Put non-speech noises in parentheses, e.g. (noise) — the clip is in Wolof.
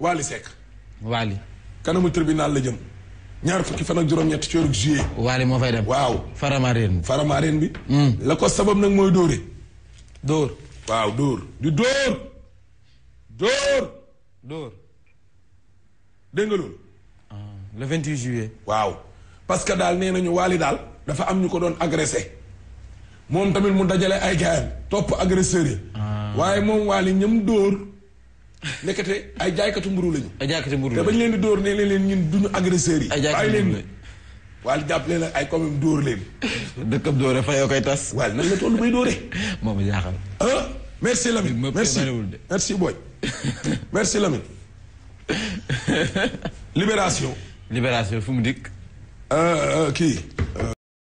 Waly Seck. Waly. kanamu tribunal la jëm. ñaar fukki fan ak juróom-ñett ci weeru juillet. moo fay dem. waaw Faramareen bi. bi. Hmm. la ko sabab nag mooy dóore. dóor. waaw dóor. du dóor. dóor. dóor. dégg nga loolu. Ah, juillet. waaw parce que daal nee nañu Waly daal. dafa am ñu ko doon agressé. moom tamit mu dajale ay gaayam topp agresseur yi. Ah. waaye moom Waly ñam dóor. nekkate ay jaaykatu mburu lañu. ay jaaykatu mburu lañu te bañ leen di dóor ne leen ñun duñu agresseurs yi. ay jaaykatu mburu lañu waaye jàpp leen ay comme dóor leen. dëkkam dóore fa koy tas. waaw na la toll may dóore. (laughs) moom jaaxal. ah merci Lamine merci merci boy (laughs) merci Lamine. (laughs) libération. libération fu mu dikk. Ah, ah, kii.